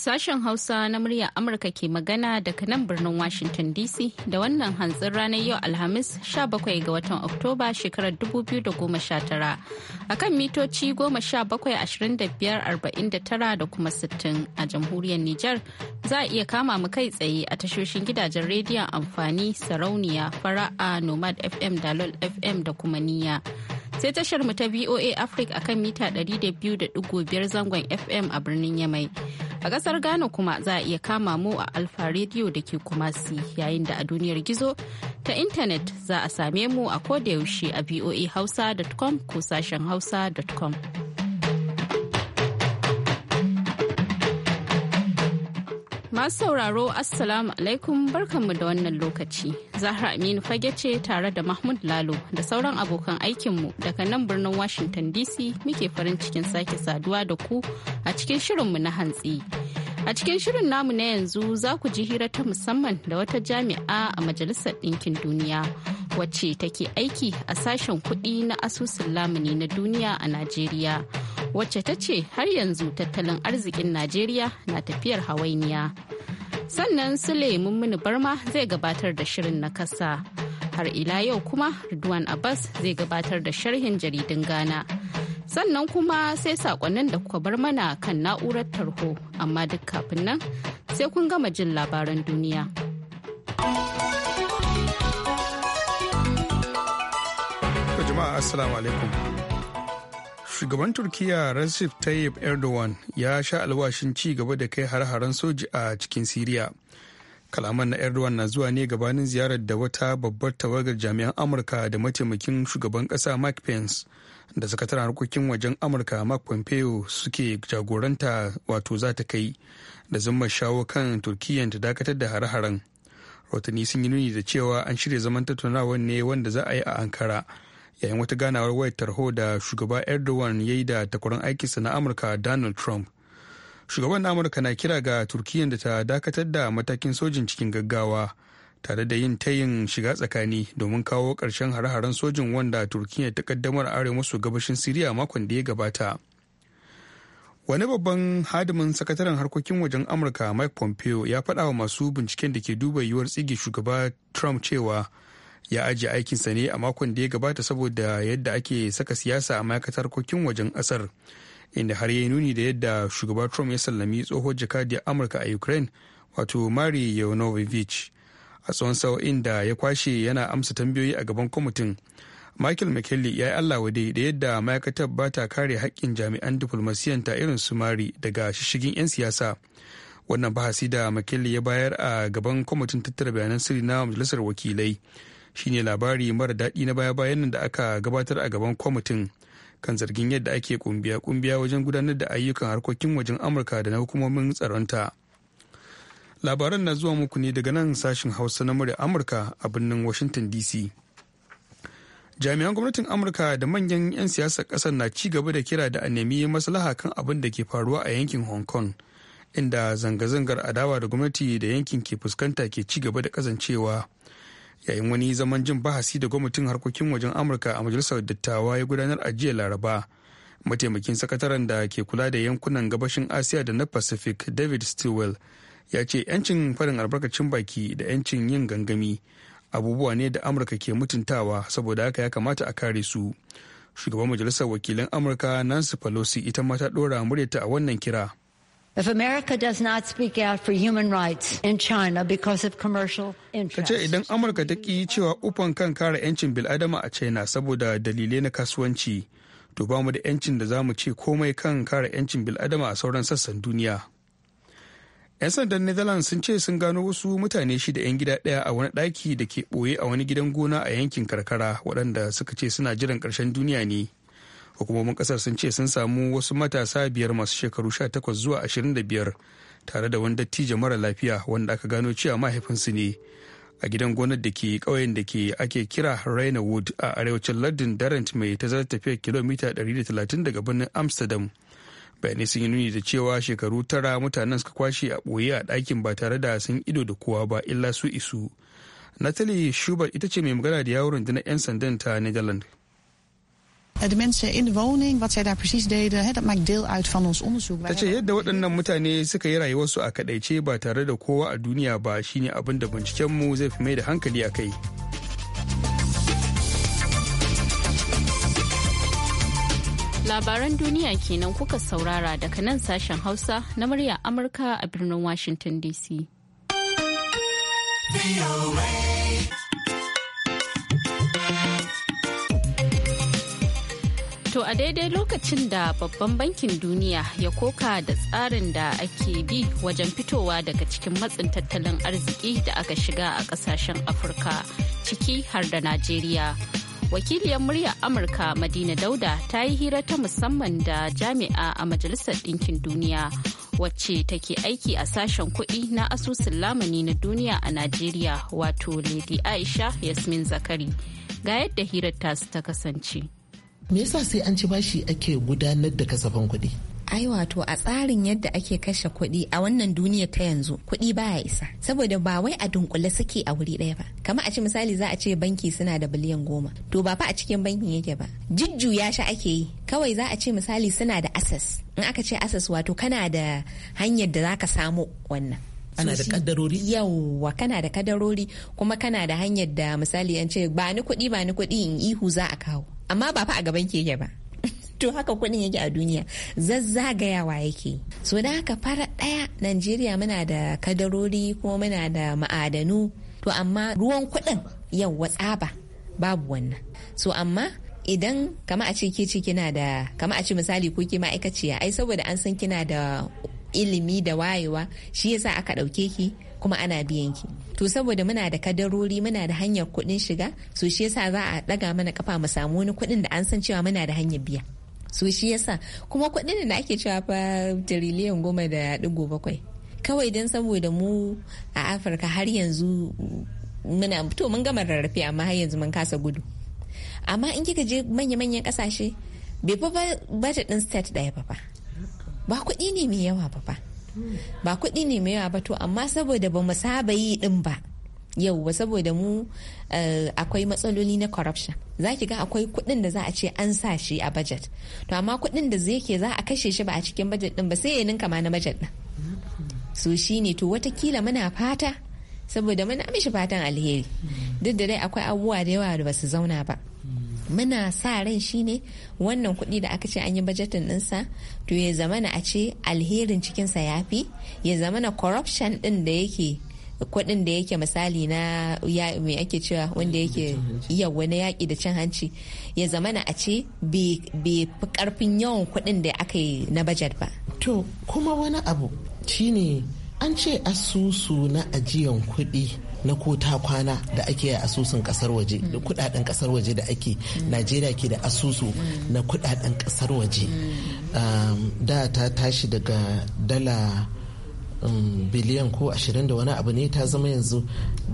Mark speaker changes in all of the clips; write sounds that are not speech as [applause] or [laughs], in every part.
Speaker 1: Sashen Hausa na murya Amurka ke magana daga nan birnin Washington DC da wannan hantsin ranar yau Alhamis 17 ga watan Oktoba shekarar 2019 a kan mitoci 17,25,49 da kuma 60 a jamhuriyar Nijar za a iya kama mu kai tsaye a tashoshin gidajen rediyon amfani sarauniya fara'a nomad FM da lol FM da kuma niya. sai tashar mu ta VOA Africa akan mita 200.5 zangon FM a birnin Yamai. A kasar Ghana kuma za a iya kama mu a Alfa Radio da ke Kumasi yayin da a duniyar gizo ta intanet za a same mu a kodayaushe a voahausa.com ko sashen hausa.com. Masu sauraro Assalamu alaikum barkanmu da wannan lokaci. Zahra Aminu fage ce tare da Mahmud Lalo da sauran abokan aikinmu daga nan birnin Washington DC muke farin cikin sake saduwa da ku a cikin shirinmu na hantsi. A cikin shirin namu na yanzu za ku ji hira ta musamman da wata jami'a a Majalisar Ɗinkin Duniya wacce take aiki a sashen kuɗi na asusun lamuni na duniya a Najeriya. wacce ta ce har yanzu tattalin arzikin Najeriya na tafiyar hawainiya. Sannan Sule Mummuni Barma zai gabatar da shirin na kasa. Har ila yau kuma Ridwan Abbas zai gabatar da sharhin jaridun Ghana. Sannan kuma sai sakonnin da kuka bar mana kan na'urar tarho, amma duk kafin nan sai kun gama jin labaran duniya.
Speaker 2: Jama'a Assalamu alaikum. shugaban turkiyya recep tayyip erdogan ya sha alwashin ci gaba da kai har-haren soji a cikin siriya kalaman na erdogan na zuwa ne gabanin ziyarar da wata babbar tawagar jami'an amurka da mataimakin shugaban kasa mike pence da sakataren harkokin wajen amurka mark pompeo suke jagoranta wato za ta kai da zama shawo kan turkiyya ta dakatar da hare-haren rotani sun yi nuni da cewa an shirya zaman tattaunawar ne wanda za a yi a ankara yayin wata ganawar wayar tarho da shugaba erdogan ya yi da takwarar aikinsa na amurka donald trump shugaban amurka na kira ga turkiyyar da ta dakatar da matakin sojin cikin gaggawa tare da yin tayin shiga tsakani domin kawo ƙarshen hare-haren sojin wanda turkiyya ta kaddamar arewa maso gabashin siriya makon da ya gabata wani babban hadimin sakataren harkokin wajen amurka mike pompeo ya faɗa wa masu binciken da ke duba yiwuwar tsige shugaba trump cewa ya ajiye aikinsa ne a makon da ya gabata saboda yadda ake saka siyasa a ma'aikatar harkokin wajen ƙasar inda har ya nuni da yadda shugaba trump ya sallami tsohon a amurka a ukraine wato mari yanovich a tsawon sa'o'in da ya kwashe yana amsa tambayoyi a gaban kwamitin michael mckinley ya yi allah wade da yadda ma'aikatar ba ta kare haƙƙin jami'an diflomasiyanta irin su mari daga shishigin 'yan siyasa wannan bahasi da mckinley ya bayar a gaban kwamitin tattara bayanan sirri na majalisar wakilai shine labari mara daɗi na baya-bayan nan da aka gabatar a gaban kwamitin kan zargin yadda ake kumbiya-kumbiya wajen gudanar da ayyukan harkokin wajen amurka da na hukumomin tsaronta labaran na zuwa muku ne daga nan sashen hausa na murya amurka a birnin washington dc jami'an gwamnatin amurka da manyan 'yan siyasar kasar na ci gaba da kira da a nemi maslaha kan abin da ke faruwa a yankin hong kong inda zanga-zangar adawa da gwamnati da yankin ke fuskanta ke ci gaba da kasancewa yayin wani zaman jin bahasi da gwamnatin harkokin wajen amurka a majalisar dattawa ya gudanar a jiya laraba mataimakin sakataren da ke kula da yankunan gabashin asiya da na pacific david stilwell ya ce 'yancin faɗin albarkacin baki da 'yancin yin gangami abubuwa ne da amurka ke mutuntawa saboda haka ya kamata a kare su shugaban majalisar wakilan amurka nancy pelosi ita ma ta ɗora muryarta a wannan kira
Speaker 3: If America does not speak out for human rights in China because of commercial
Speaker 4: interests.
Speaker 2: Kace idan Amurka ta ki cewa ufan kan kare 'yancin bil'adama a China saboda dalilai na kasuwanci, to ba mu da 'yancin da za mu ce komai kan kare 'yancin bil'adama a sauran sassan duniya. 'Yan sandan Netherlands sun ce sun gano wasu mutane shida 'yan gida ɗaya a wani ɗaki da ke ɓoye a wani gidan gona a yankin karkara waɗanda suka ce suna jiran karshen duniya ne. hukumomin kasar sun ce sun samu wasu matasa biyar masu shekaru 18 zuwa ashirin da biyar tare da wani dattijo mara lafiya wanda aka gano cewa mahaifinsu ne a gidan gonar da ke ƙauyen da ke ake kira raina wood a arewacin lardin darent mai tazarar tafiyar kilomita 130 daga birnin amsterdam bayanai sun yi nuni da cewa shekaru tara mutanen suka kwashe a ɓoye a ɗakin ba tare da sun ido da kowa ba illa su isu natalie shubert ita ce mai magana da yawon rundunar 'yan sandan ta netherlands Eh, de mensen in de woning, wat zij daar precies deden, dat maakt deel uit van ons onderzoek. Dat je yadda waɗannan mutane suka yi rayuwarsu a kaɗaice ba tare da kowa a duniya ba shine abin da mu zai fi mai da hankali a kai.
Speaker 1: Labaran duniya kenan kuka saurara daga nan sashen Hausa na murya Amurka a birnin Washington DC. To a daidai lokacin da babban bankin duniya ya koka da tsarin da ake bi wajen fitowa daga cikin matsin tattalin arziki da aka shiga a kasashen Afirka ciki har da Najeriya. Wakiliyar muryar Amurka Madina Dauda ta yi hira ta musamman da jami'a a Majalisar Ɗinkin Duniya wacce take aiki a sashen kuɗi na asusun lamani na duniya a Najeriya wato Lady Aisha Yasmin Zakari. Ga yadda hirar tasu ta kasance.
Speaker 5: me yasa sai an ci bashi ake gudanar da kasafin kuɗi
Speaker 3: ai wato a tsarin yadda ake kashe kuɗi a wannan duniya ta yanzu kuɗi baya isa saboda ba wai a dunkule suke a wuri ɗaya ba kamar a ce misali za a ce banki suna da biliyan goma to ba fa a cikin bankin yake ba ya sha ake yi kawai za a ce misali suna da asas in aka ce asas wato kana da hanyar da za ka samo wannan kana da kaddarori yawwa kana da kadarori kuma kana da hanyar da misali an ce ba ni kuɗi ba ni kuɗi in ihu za a kawo amma ba fa a gaban keke ba [laughs] to haka kuɗin yake a duniya zazzagayawa yake so da haka fara ɗaya najeriya muna da kadarori kuma muna da ma'adanu to amma ruwan kuɗin yawwa tsaba babu wannan so amma idan kama a ce ke kina da kama a ce misali ko ke ma'aikaciya ai saboda an san kina da ilimi da wayewa shi yasa aka ɗauke ki kuma ana biyan ki to saboda muna da kadarori muna da hanyar kuɗin shiga so shi yasa za a ɗaga mana kafa mu samu wani kuɗin da an san cewa muna da hanyar biya so shi yasa kuma kuɗin da ake cewa fa tiriliyan goma da ɗigo bakwai kawai don saboda mu a afirka har yanzu muna to mun gama rarrafe amma har yanzu mun kasa gudu amma in kika je manya-manyan kasashe bai fa ta ɗin state daya ba fa ba kuɗi ne mai yawa ba ba ba kuɗi ne mai yawa ba to amma saboda ba mu saba yi ɗin ba yau yauwa saboda mu eh, akwai matsaloli na corruption za ki ga akwai kuɗin da za a ce an sa shi a budget to amma kuɗin da zai ke za a kashe shi ba a cikin budget ɗin ba sai ya ninka ma na budget ɗin so shi ne to watakila muna fata saboda muna mishi fatan alheri duk da dai akwai abubuwa da yawa da ba su zauna ba muna sa rai shine wannan kuɗi da aka ce an yi bajetin ɗinsa to ya zamana a ce alherin cikinsa ya fi ya zamana corruption ɗin da yake kuɗin da yake misali na ya mai ake cewa wanda yake iya wani yaƙi da cin hanci ya zamana a ce bai fi ƙarfin yawan kuɗin da aka yi na bajet ba. To kuma
Speaker 5: wani abu shine an ce asusu na ajiyan kuɗi na ko ta kwana da ake yi a asusun kasar waje da kudaden kasar waje da ake najeriya ke da asusu na kudaden kasar waje um, da ta tashi daga dala um, biliyan ko ashirin da wani abu ne ta zama yanzu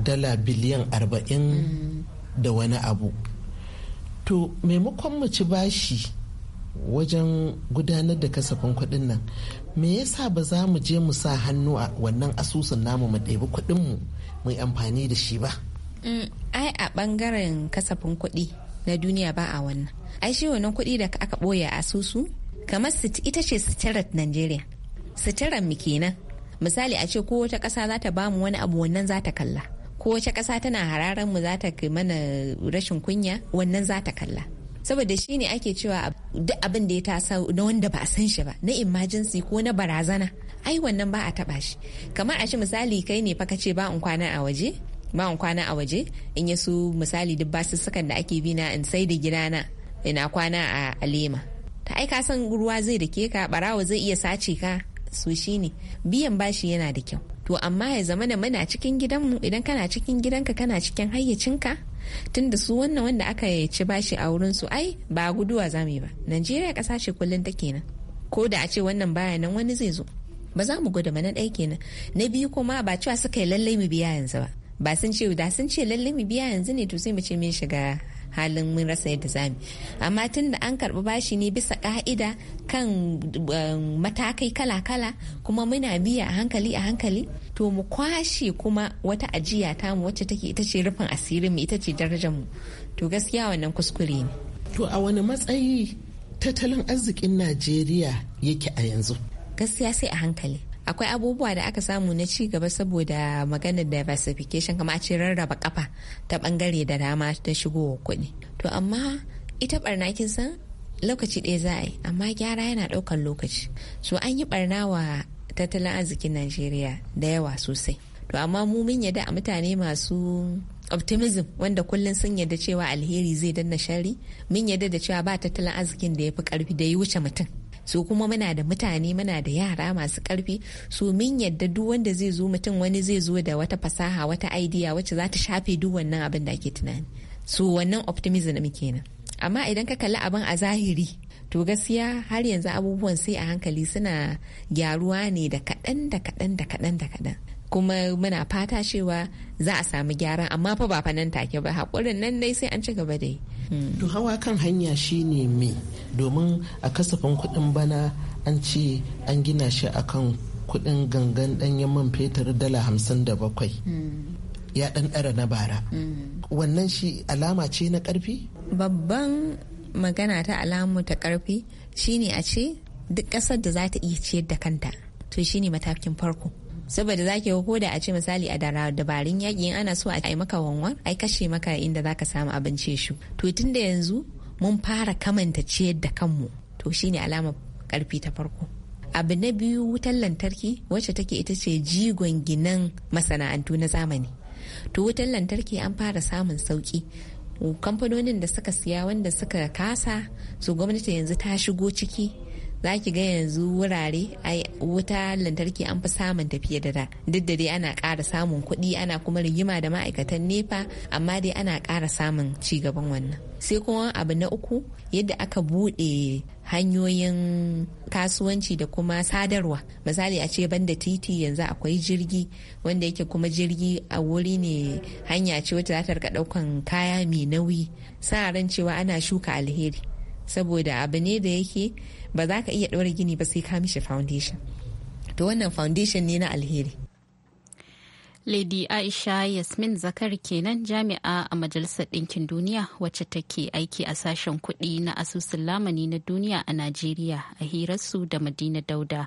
Speaker 5: dala biliyan arba'in da wani abu to maimakon mu ci bashi wajen gudanar da kasafin kuɗin nan me yasa ba za mu je mu sa hannu a wannan asusun namu mu ɗebi kuɗin mu yi amfani da shi
Speaker 6: ba
Speaker 3: mm, ai a ɓangaren kasafin kuɗi na duniya ba a wannan ai shi wannan kuɗi da aka ɓoye asusu kamar ita ce sitirat najeriya sitirar mu kenan misali a ce ko wata ƙasa za ta bamu wani abu wannan za ta kalla ko wata ƙasa tana hararen mu za ta mana rashin kunya wannan za ta kalla saboda shi ne ake cewa duk abin da ya tasa na wanda ba a san shi ba na imajensi ko na barazana ai wannan ba a taba shi kamar a shi misali kai ne fa ka ce ba in kwana a waje ba in kwana a waje in ya su misali duk basussukan da ake bi na in sai da gidana ina kwana a alema ta ai ka san ruwa zai ke ka barawa zai iya sace ka su ne biyan bashi yana da kyau to amma ya zama na muna cikin gidanmu idan kana cikin gidanka kana cikin hayyacinka tunda su wannan wanda aka ci bashi a wurin su ai ba guduwa za mu yi ba najeriya ƙasa ce kullum ta kenan ko da a ce wannan baya nan wani zai zo ba za mu gwada na ɗaya kenan na biyu kuma ba cewa suka yi lallai mu biya yanzu ba ba sun ce da sun ce lallai mu biya yanzu ne to sai mu ce mun shiga halin mun rasa yadda zamu amma tun da an karbi bashi ne bisa ka'ida kan um, matakai kala-kala kuma muna biya a hankali a hankali to mu kwashe kuma wata ajiya mu wacce take ita ce rufin asirin mu ita ce darajar mu to gaskiya wannan kuskure ne to a wani matsayi tattalin arzikin najeriya
Speaker 5: yake a yanzu
Speaker 3: gaskiya sai a hankali akwai abubuwa da aka samu na ci gaba saboda maganar diversification kama a ce rarraba kafa ta bangare da dama ta shigowa kuɗi to amma ita barna kin san lokaci ɗaya za a yi amma gyara yana ɗaukar lokaci so an yi barna wa tattalin arzikin najeriya da yawa sosai to amma mu mun yadda a mutane masu optimism wanda kullum sun yadda cewa alheri zai danna shari mun yadda da cewa ba tattalin arzikin da ya fi karfi da ya wuce mutum su kuma muna da mutane muna da yara masu karfi su min yadda duk wanda zai zo mutum wani zai zo da wata fasaha wata idea wacce za ta shafe duk wannan abin da ake tunani su wannan optimism kenan amma idan ka kalli abin a zahiri to gaskiya har yanzu abubuwan sai a hankali suna gyaruwa ne da kaɗan da kaɗan da kaɗan da kaɗan kuma muna fata cewa za a samu gyara amma fa ba nan take ba haƙurin nan dai sai an ci gaba da yi.
Speaker 5: Hmm. to hawa kan hanya shine me domin a kasafin kuɗin bana an ce an gina shi akan kuɗin gangan ɗanyen man fetur dala hamsin da bakwai hmm. ya ɗan ɗara na bara hmm. wannan shi alama ce na ƙarfi
Speaker 3: babban magana ta alamu ta ƙarfi shine a ce duk ƙasar da za ta iya ciyar da kanta to shine matakin farko saboda zaki ko da a ce misali a dabarun yaƙi in ana so a yi maka wanwan ai kashe maka inda zaka samu abinci shu to tun da yanzu mun fara kamanta ciyar da kanmu to shine alama karfi ta farko abu na biyu wutar lantarki wacce take ita ce jigon ginan masana'antu na zamani to wutar lantarki an fara samun sauki kamfanonin da suka siya wanda suka kasa su gwamnati yanzu ta shigo ciki za ki ga yanzu wurare wuta lantarki an fi samun tafiye da da duk da dai ana kara samun kuɗi ana kuma rigima da ma'aikatan nefa amma dai ana ƙara samun ci gaban wannan sai kuma abu na uku yadda aka buɗe hanyoyin kasuwanci da kuma sadarwa misali a ce banda titi yanzu akwai jirgi wanda yake kuma jirgi a wuri ne hanya ce wata za ta rika ɗaukan kaya mai nauyi sa ran cewa ana shuka alheri saboda abu ne da yake ba za ka iya ɗora gini ba sai ka mishi foundation to wannan foundation ne na alheri
Speaker 1: Lady Aisha Yasmin Zakar kenan jami'a a Majalisar Ɗinkin Duniya wacce take aiki a sashen kuɗi na asusun lamani na duniya a Najeriya a hirarsu da Madina Dauda.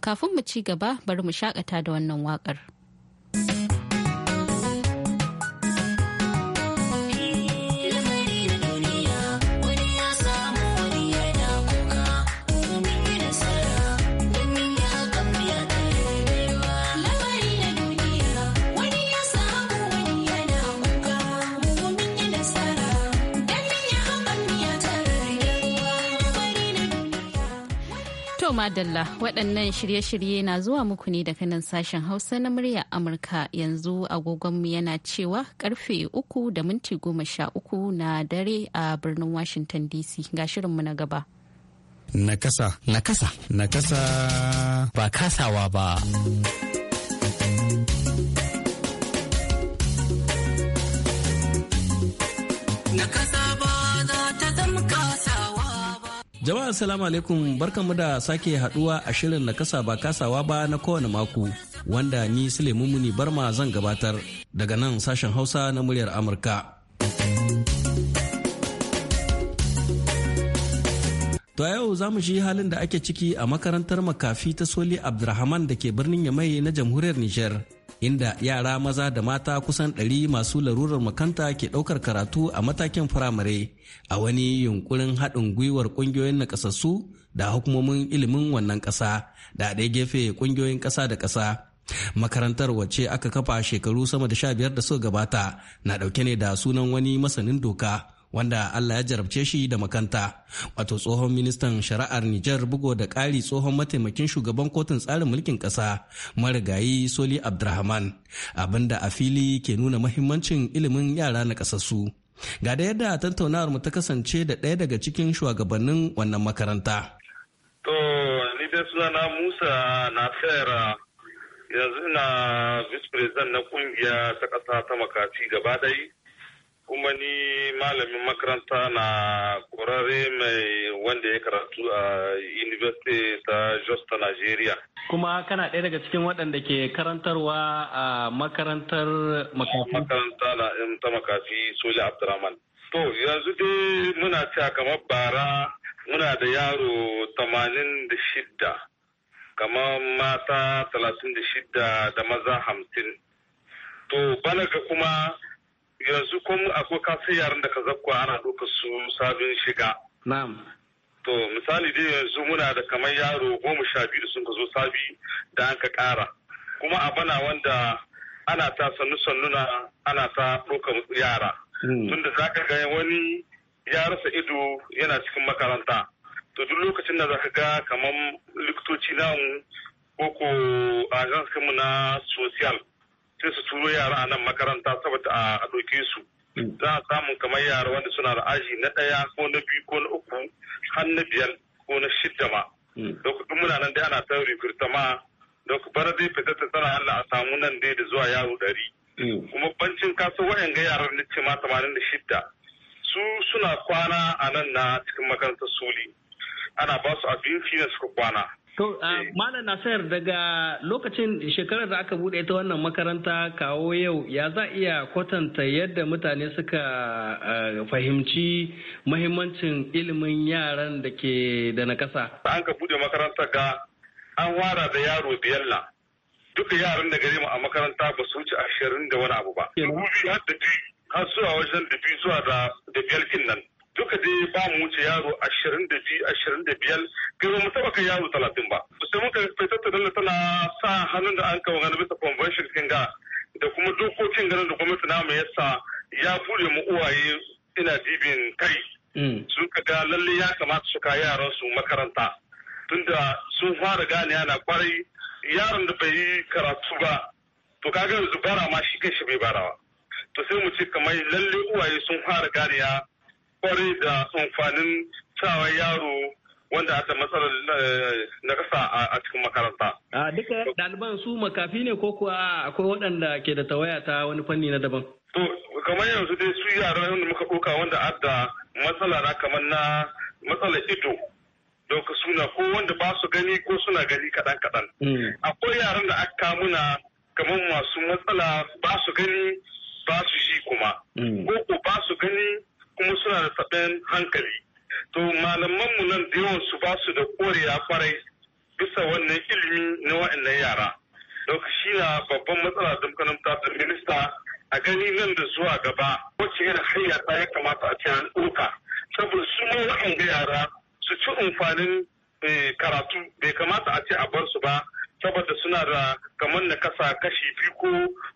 Speaker 1: Kafin mu ci gaba bari mu shakata da wannan waƙar. yau Madalla waɗannan shirye-shirye na zuwa muku ne daga nan sashen Hausa na murya Amurka yanzu agogonmu yana cewa karfe uku da minti goma sha uku na dare a birnin Washington DC ga shirinmu na gaba.
Speaker 2: Nakasa. Nakasa. Nakasa. Ba kasawa ba.
Speaker 7: Nakasa.
Speaker 8: Jama'a assalamu alaikum barkanmu da sake haduwa a shirin na kasa ba kasawa ba na kowane mako wanda ni Suleiman Muni Barma zan gabatar daga nan sashen Hausa na muryar Amurka. To yau za mu shi halin da ake ciki a makarantar makafi ta Soli Abdulrahman da ke birnin Yamai na jamhuriyar Nijar. inda yara maza da mata kusan ɗari masu larurar makanta ke ɗaukar karatu a matakin firamare a wani yunkurin haɗin gwiwar ƙungiyoyin nakasassu da hukumomin ilimin wannan ƙasa da ɗaya gefe ƙungiyoyin ƙasa da ƙasa makarantar wacce aka kafa shekaru sama da sha biyar da suka gabata na ɗauke ne da sunan wani masanin doka wanda Allah ya jarabce shi da makanta. Wato tsohon ministan shari'ar Nijar bugo da ƙari tsohon mataimakin shugaban kotun tsarin mulkin ƙasa marigayi Soli Abdurrahman. Abinda a fili ke nuna mahimmancin ilimin yara na ƙasassu. Ga da yadda tattaunawar mu ta kasance da ɗaya daga cikin shugabannin wannan makaranta.
Speaker 7: To, ni dai sunana Musa Nasera yanzu na vice president na kungiya ta ƙasa ta makaci gaba ɗaya. kuma ni malamin makaranta na kurare mai wanda ya karatu a university ta jos ta nigeria
Speaker 8: kuma kana ɗaya daga cikin waɗanda ke karantarwa a makarantar makafi makaranta
Speaker 7: na ta makafi soja abdurrahman to yanzu dai muna cewa kamar bara
Speaker 4: muna da yaro
Speaker 7: tamanin da kamar mata talatin da da maza hamsin to bana balaga kuma yanzu kuma akwai kasan yaran da ka zakwa ana ɗauka su sabin shiga. Na'am. To misali dai yanzu muna da kamar yaro goma sha biyu sun ka zo sabi da an ka ƙara. Kuma a bana wanda ana ta sannu sannuna ana ta ɗauka yara. Hmm. Tunda za ka ga wani ya rasa ido yana cikin makaranta. To duk lokacin da za ka ga kamar likitoci namu ko ko a na social. sai su turo yara a nan makaranta saboda a ɗauke su mm. za a samu kamar yara wanda suna da aji na ɗaya ko na biyu ko na uku har na biyar ko na shidda ma mm. da kuɗin muna nan dai ana ta rikirta ma da ku bar dai fita ta tsara Allah a samu nan dai da zuwa yaro ɗari mm. kuma bancin kasu wayan ga yaran da ce ma tamanin da shidda su suna kwana a nan na cikin makarantar soli ana ba su abinci na suka kwana
Speaker 8: To, eh. ah, Malam Nasir daga lokacin shekarar da aka bude ta wannan makaranta kawo yau ya za iya kwatanta yadda mutane suka ah, fahimci mahimmancin ilimin yaran da ke da na kasa.
Speaker 7: An ka bude makaranta ga an wara da yaro duk Duka yaran da gare mu a makaranta ba su wuce ashirin da wani abu ba. Dubu biyu har da har zuwa wajen da zuwa da biyar nan. duka dai ba mu wuce yaro ashirin da biyu ashirin da biyar kai mu taɓa kai yaro talatin ba sai muka ta da dalla tana sa hannun da an kawo gani bisa convention kin ga da kuma dokokin ganin da gwamnati na mu yasa ya bude mu uwaye ina dibin kai mm. sun ka ga lalle ya kamata su ka yaran su makaranta tunda sun fara gane ana kwarai yaron da bai yi karatu ba to kaga yanzu bara ma shi kai shi bai barawa to sai mu ce kamar lallai uwaye sun fara gane ya kwarai da amfanin sawa yaro wanda aka matsalar eh, na kasa a
Speaker 6: cikin makaranta. A duka
Speaker 8: ɗaliban su makafi ne ko kuwa akwai waɗanda ke da tawaya ta wani fanni na daban?
Speaker 7: To kamar yanzu dai su yaran wanda muka ɗauka wanda adda matsala na kamar na matsalar ido. Don suna ko wanda ba su gani ko suna gani kaɗan kaɗan. Hmm. Akwai yaran da aka muna kamar masu matsala ba su gani ba su shi kuma. Hmm. Ko ko ba su gani kuma suna da taɓin hankali to malamanmu nan da yawan su ba su da korewa kwarai bisa wannan ilimi na wa'annan yara lokaci na babban matsala da muka namta da minista a gani nan da zuwa gaba wacce irin hanya ta ya kamata a ce an ɗauka saboda su ma wa'anga yara su ci amfanin eh, karatu bai kamata a ce a bar su ba saboda suna da kamar na kasa kashi biyu ko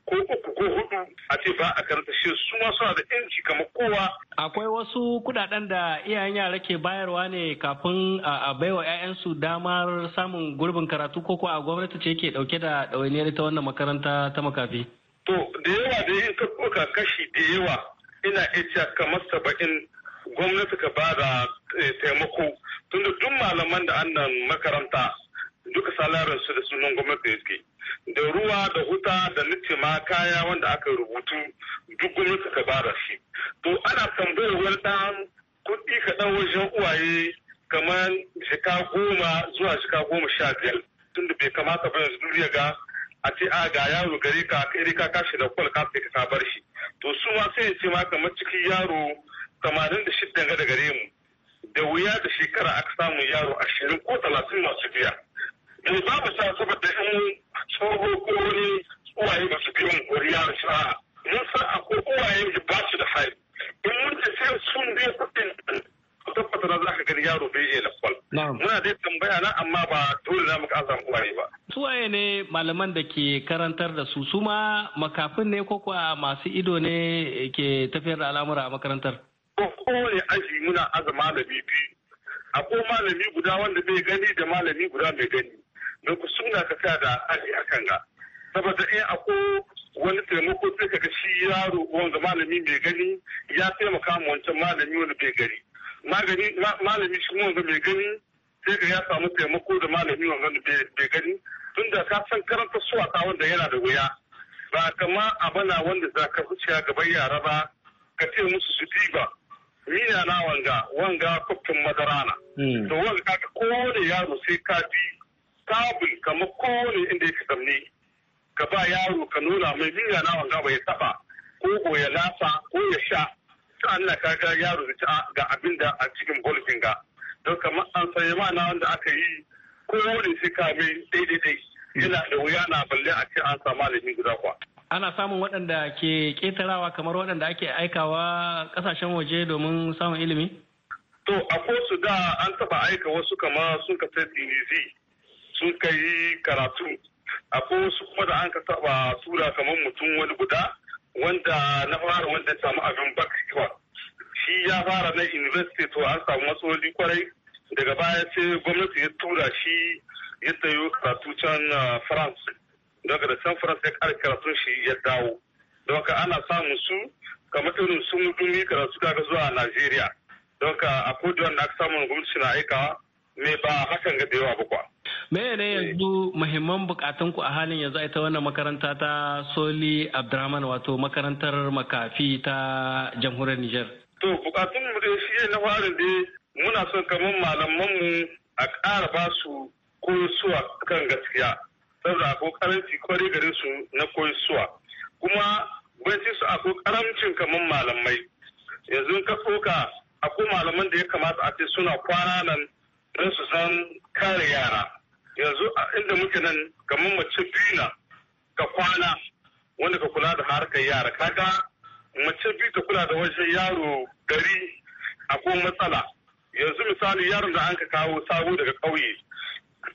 Speaker 7: uku ko hudu a ce ba a karanta shi su ma suna da inci kamar kowa.
Speaker 8: Akwai wasu kudaden da iyayen yara ke bayarwa ne kafin a baiwa 'ya'yansu damar samun gurbin karatu ko ko a gwamnati ce ke ɗauke da ɗawainiyar ta wannan makaranta ta makafi.
Speaker 7: To da yawa da yin ka kashi da yawa ina iya kamar saba'in gwamnati ka ba da eh, taimako tunda duk malaman da annan makaranta duka salarin su da sunan gwamnati yake da ruwa da huta da litima kaya wanda aka rubutu duk gwamnati ka bara shi to ana tambayar wani dan kuɗi kaɗan wajen uwaye kamar shika goma zuwa shika goma sha biyar tunda bai kamata ba yanzu duniya ga a ce a ga yaro gari ka kai ka kashi da kwal ka ka bar shi to su ma sai ce ma kamar cikin yaro 86 ga da gare mu da wuya da shekara aka samu yaro ashirin ko talatin masu biya to eh, za mu sa saboda in tsoho ko wani tsuwaye ba su biyo mu ko yaro sa'a mun san akwai tsuwaye da ba su da hali in mun ce sai sun biya kuɗin ko tabbata na za ka gani yaro bai iya lakwal. Muna dai tambaya na amma ba dole na muka asa tsuwaye ba. Suwaye ne
Speaker 8: malaman da ke karantar da su su ma makafin ne ko kuwa masu ido ne ke tafiyar da al'amura a makarantar?
Speaker 7: Ko Kowane aji muna azama malami biyu. Akwai malami guda wanda bai gani da malami guda mai gani. don ku suna ka sa da ali a kan ga saboda in ako wani taimako sai ka ga shi yaro wanda malami bai gani ya taimaka ma wancan malami wanda bai gani malami shi wanda bai gani sai ka ya samu taimako da malami wanda bai gani tunda ka san karanta suwaka wanda yana da wuya ba kama abana wanda za ka huciya gaban yara ba ka ce musu su diba mina na wanga wanga kwafin madarana hmm. to wanga ka kowane yaro sai ka bi kabul kamar kowane inda yake zamne ka ba yaro ka nuna mai jinya na wanga bai taba ko ya lasa ko ya sha ta Allah ka ga yaro da ga abin da a cikin bolfin ga don kamar an sanya mana wanda aka yi kowane shi mai daidai
Speaker 8: yana da wuya
Speaker 7: na balle a ce an samu malamin guda kwa.
Speaker 8: ana samun waɗanda ke ƙetarawa kamar waɗanda ake aikawa ƙasashen waje domin samun ilimi?
Speaker 7: To, a su da an taɓa aika wasu kama sun ka Tunisia sun yi karatu akwai wasu kuma da an ka saba tura kamar mutum wani guda wanda na fara wanda ya samu abin bakiwa shi ya fara na university to an samu matsaloli kwarai daga baya sai gwamnati ya tura shi ya yi karatu can uh, france daga da can france ya kara karatun shi ya dawo don ka ana samun su kamar irin sun mutum yi karatu daga zuwa nigeria don ka a kodiyar da aka samun gwamnati na aikawa ne ba hakan ga da yawa ba kwa.
Speaker 8: Meye ne eh. yanzu muhimman bukatun ku a halin yanzu ita wannan makaranta ta Soli Abdurrahman wato makarantar makafi ta jamhuriyar Nijar.
Speaker 7: To bukatun mu da shi na farin dai muna son kamar malaman mu a ƙara ba su koyosuwa kan gaskiya saboda akwai karanci kwarai garin su na koyosuwa kuma bancin su akwai karamcin kamar malamai yanzu ka tsoka akwai malaman da ya kamata a ce suna kwana nan don su san kare yara yanzu inda muke nan kamar mace biyu na ka kwana wanda ka kula da harkar yara kaga mace biyu ka kula da wajen yaro gari akwai matsala yanzu misali yaron da an ka kawo sabo daga ƙauye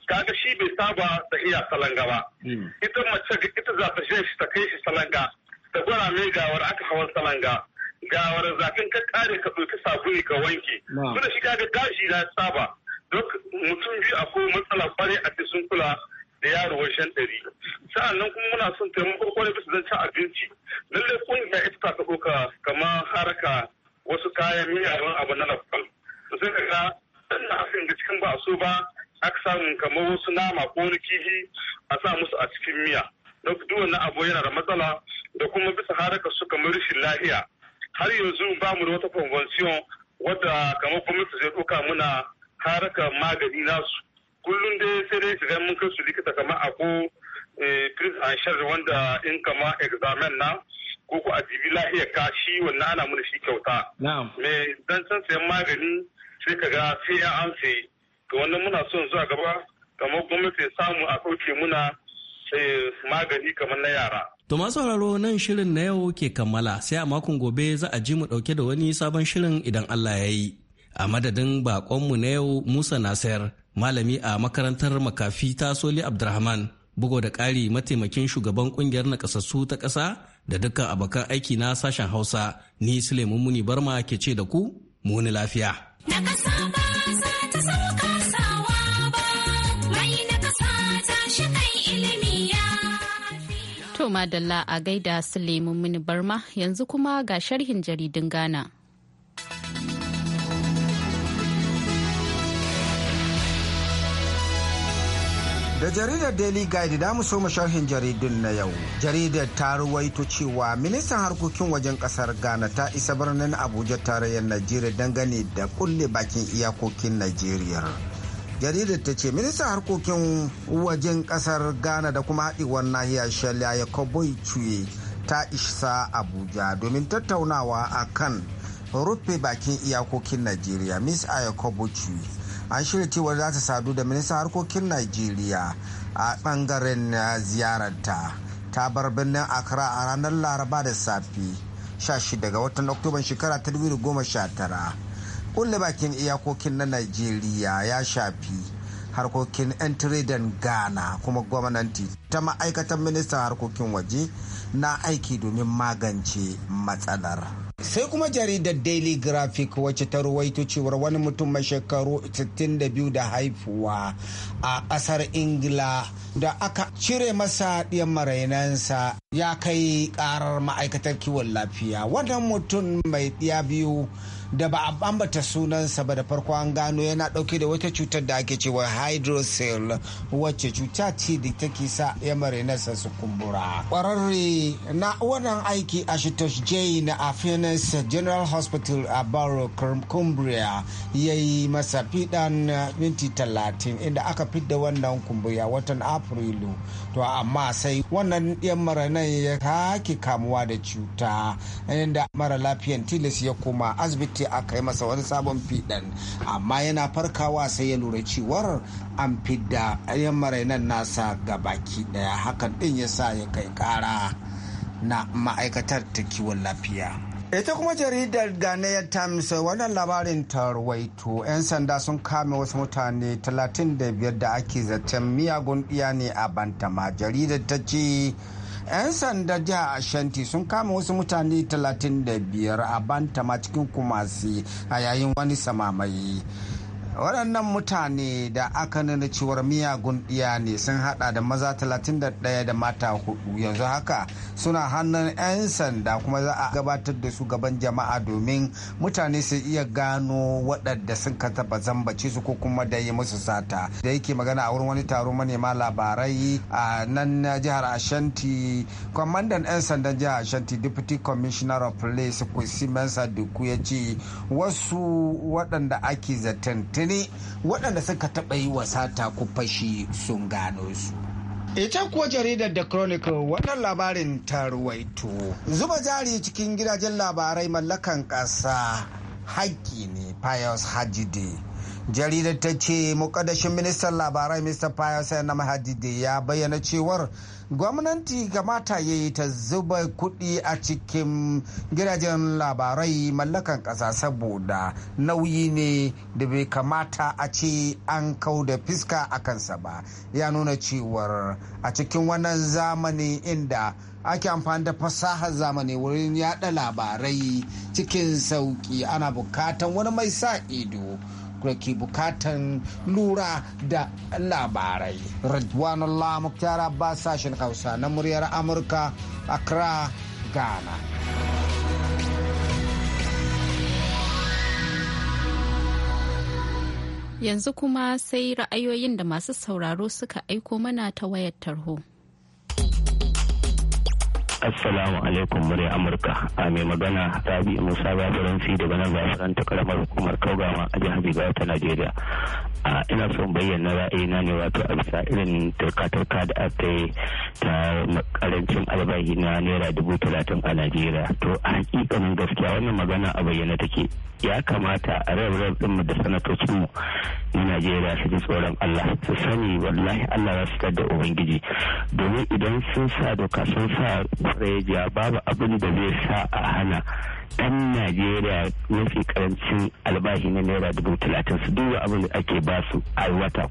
Speaker 7: kaga shi bai saba da iya salanga ba hmm. ita mace ita za ta shi ta kai shi salanga ta gwara mai gawar aka hawan salanga gawar zafin ka kare ka ɗauki sabo ka wanke suna shi kaga gashi na saba duk mutum biyu akwai matsala kwarai a cikin kula da yaro shan ɗari sa'an nan kuma muna son taimako kwarai bisa zan cin abinci lallai kungiya ita ta ɗauka kamar haraka wasu kayan miya don abu na lafal to sai ka ga na hakan da cikin ba a so ba aka samu kamar wasu nama ko wani kifi a sa musu a cikin miya na duk wannan abu yana da matsala da kuma bisa haraka su kamar rashin lahiya har yanzu ba mu da wata convention wadda kamar gwamnati zai ɗauka muna harkar magani nasu kullum dai sai dai idan mun kai su likita kamar ko prince eh, and wanda in kama examen na ko ko a jibi lahiyar ka shi wannan ana mun shi kyauta me dan san sayan magani sai ka ga sai ya an sai to wannan muna son zuwa gaba kamar gwamnati samu a sauke muna eh, magani kamar na yara
Speaker 8: To masu sauraro nan shirin na yau ke kammala sai a makon gobe za a ji mu dauke da wani sabon shirin idan Allah ya yi. a madadin bakonmu na yau musa nasir malami a makarantar makafi ta soli abdurrahman bugo da ƙari mataimakin shugaban kungiyar nakasassu ta ƙasa da dukkan abokan aiki na sashen hausa ni suleiman muni barma ke ce da ku muni lafiya
Speaker 1: To madalla a gaida Suleiman Muni Barma yanzu kuma ga sharhin jaridun Ghana.
Speaker 6: Da jaridar Daily Guide da mu soma sharhin jaridun na yau. Jaridar ta ruwaito cewa ministan harkokin wajen kasar Ghana ta isa birnin Abuja tarayyar Najeriya dangane da kulle bakin iyakokin Najeriya. jaridar ta ce ministan harkokin wajen kasar ghana da kuma haɗewar nahiyar shalya ya koboi cuye ta isa abuja domin tattaunawa a kan rufe bakin iyakokin najeriya miss ayakobo an shirya cewar za ta sadu da ministan harkokin najeriya a bangaren uh, ziyararta ta bar birnin akara a ranar laraba da safi 16 ga watan oktoban shekara ta 2019 kulle bakin iyakokin na najeriya ya shafi harkokin 'yan tiredan ghana kuma gwamnati ta ma'aikatan ministan harkokin waje na aiki domin magance matsalar. sai kuma jaridar daily graphic wacce ta ruwaito cewar wani mutum mai shekaru 62 da haifuwa a kasar ingila da aka cire masa ɗiyan marainansa ya kai karar ma'aikatar kiwon lafiya wannan mutum mai ɗiya biyu da ba a ambata sunansa ba da farko an gano yana dauke da wata cutar da ake cewa hydrocell wacce cuta ce da take sa nasa su kumbura kwararre na wannan aiki a shitosh j na afinis general hospital a baro cumbria ya yi masa fidan minti talatin inda aka fidda wannan kumbura watan afrilu to amma sai wannan 'yan nan ya yake kamuwa da cuta inda mara lafiyan tilis ya koma asibiti ce aka yi masa wani sabon fiɗan amma yana farkawa sai ya lura cewar an fidda yan marainan nasa ga baki ɗaya hakan ɗin ya sa ya kai kara na ma'aikatar ta kiwon lafiya. ita kuma jaridar ghanaian times wannan labarin tarwaito 'yan sanda sun kame wasu mutane 35 da ake zaton miyagun ɗiya ne a bantama jaridar ta ce 'yan sanda jihar ashanti sun kama wasu mutane 35 a bantama cikin kumasi a yayin wani samamai waɗannan mutane da aka nuna cewar miyagun ɗiya ne sun haɗa da maza 31 da mata huɗu yanzu haka suna hannun 'yan sanda kuma za a gabatar da su gaban jama'a domin mutane su iya gano waɗanda sun ka taba zambace su ko kuma da yi musu sata da yake magana a wurin wani taron manema labarai a nan jihar ashanti kwamandan 'yan sandan jihar ashanti deputy commissioner of police kwesi mensa duku ya ce wasu waɗanda ake zaton ne waɗanda suka taɓa yi wa sata ku fashi sun gano su ita kuwa jaridar da chronicle wannan labarin ta ruwaito zuba jari cikin gidajen labarai mallakan ƙasa haƙƙi ne pius hajide jaridar ta ce mukaddashin ministan labarai mr fayose na mahadidi ya bayyana cewar gwamnati kamata ya yi ta zuba kuɗi a cikin gidajen labarai mallakan ƙasa saboda nauyi ne da bai kamata a ce an kau da fiska a kansa ba ya nuna cewar a cikin wannan zamani inda ake amfani da fasahar zamani wurin yada labarai cikin sauki ana bukatan wani mai sa ido ke bukatan lura da labarai. Allah Muktar Abbas sashen Hausa na muryar Amurka, Accra, Ghana.
Speaker 1: Yanzu kuma sai ra'ayoyin da masu sauraro suka aiko mana ta wayar tarho.
Speaker 4: Assalamu alaikum murya Amurka a mai magana Rabi Musa Bafaransi daga nan Bafaran ta karamar hukumar Kaugama a jihar Jigawa ta Najeriya. A ina son bayyana ra'ayina ne wato a bisa irin turka-turka da aka yi ta karancin albahi na naira dubu talatin a Najeriya. To a hakikanin gaskiya wannan magana a bayyana take. Ya kamata a rarrabar mu da sanatocinmu na Najeriya su ji tsoron Allah su sani wallahi Allah za su da Ubangiji. Domin idan sun sa doka sun sa rejiya babu abin da zai sa a hana ɗan najeriya mafi karancin albashi na naira dubu talatin su duba abin da ake ba su a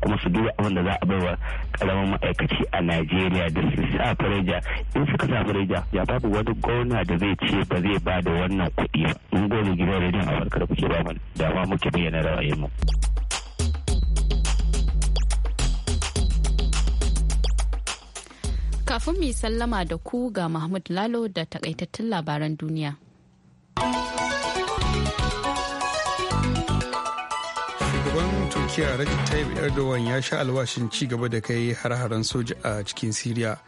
Speaker 4: kuma su duba abin da za a baiwa karamin ma'aikaci a najeriya da su sa fareja in suka sa faraja ya babu wani gwamna da zai ce ba zai ba da wannan kuɗi ba mun gode gidan rediyon a farkar kuke ba mu dama muke bayyana ra'ayinmu.
Speaker 1: Kafin mu sallama da ku ga Mahmud Lalo da takaitattun labaran duniya.
Speaker 2: Shugaban Turkiya Recep Tayyip Erdogan ya sha alwashin ci gaba da kai har-haren soja a cikin Siriya.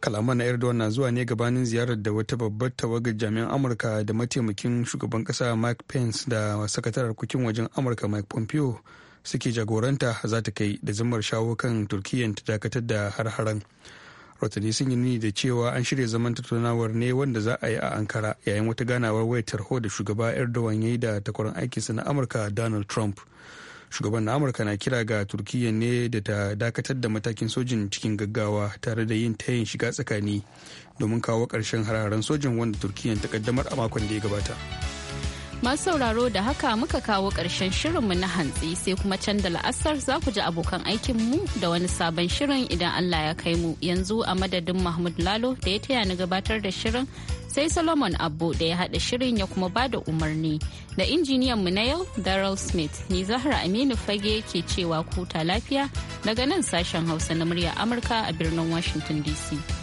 Speaker 2: Kalaman na Erdogan na zuwa ne gabanin ziyarar da wata babbar tawagar jami'an Amurka da mataimakin shugaban kasa Mike Pence da sakataren kukin wajen Amurka Mike Pompeo suke jagoranta za ta kai da zimmar shawo kan Turkiyya ta dakatar da har-haren. har har haren rotani sun yi nuni da cewa an shirya zaman tattaunawar ne wanda za a yi a ankara yayin wata ganawar wayar tarho da shugaba erdogan ya yi da takwarar aikinsa na amurka donald trump shugaban na amurka na kira ga turkiyya ne da ta dakatar da matakin sojin cikin gaggawa tare da yin tayin shiga tsakani domin kawo ƙarshen hararen sojin wanda turkiyya ta ƙaddamar a makon da ya gabata.
Speaker 1: Masu sauraro da haka muka kawo ƙarshen shirinmu na hantsi sai kuma can da la'asar za ku ji abokan aikinmu da wani sabon shirin idan Allah ya kai mu yanzu a madadin Mahmud Lalo da ya taya ni gabatar da shirin sai Solomon Abbo da ya haɗa shirin ya kuma ba da umarni da injiniyan mu na yau Daryl Smith ni Zahra Aminu Fage ke cewa kuta lafiya daga nan sashen Hausa na muryar Amurka a birnin Washington DC.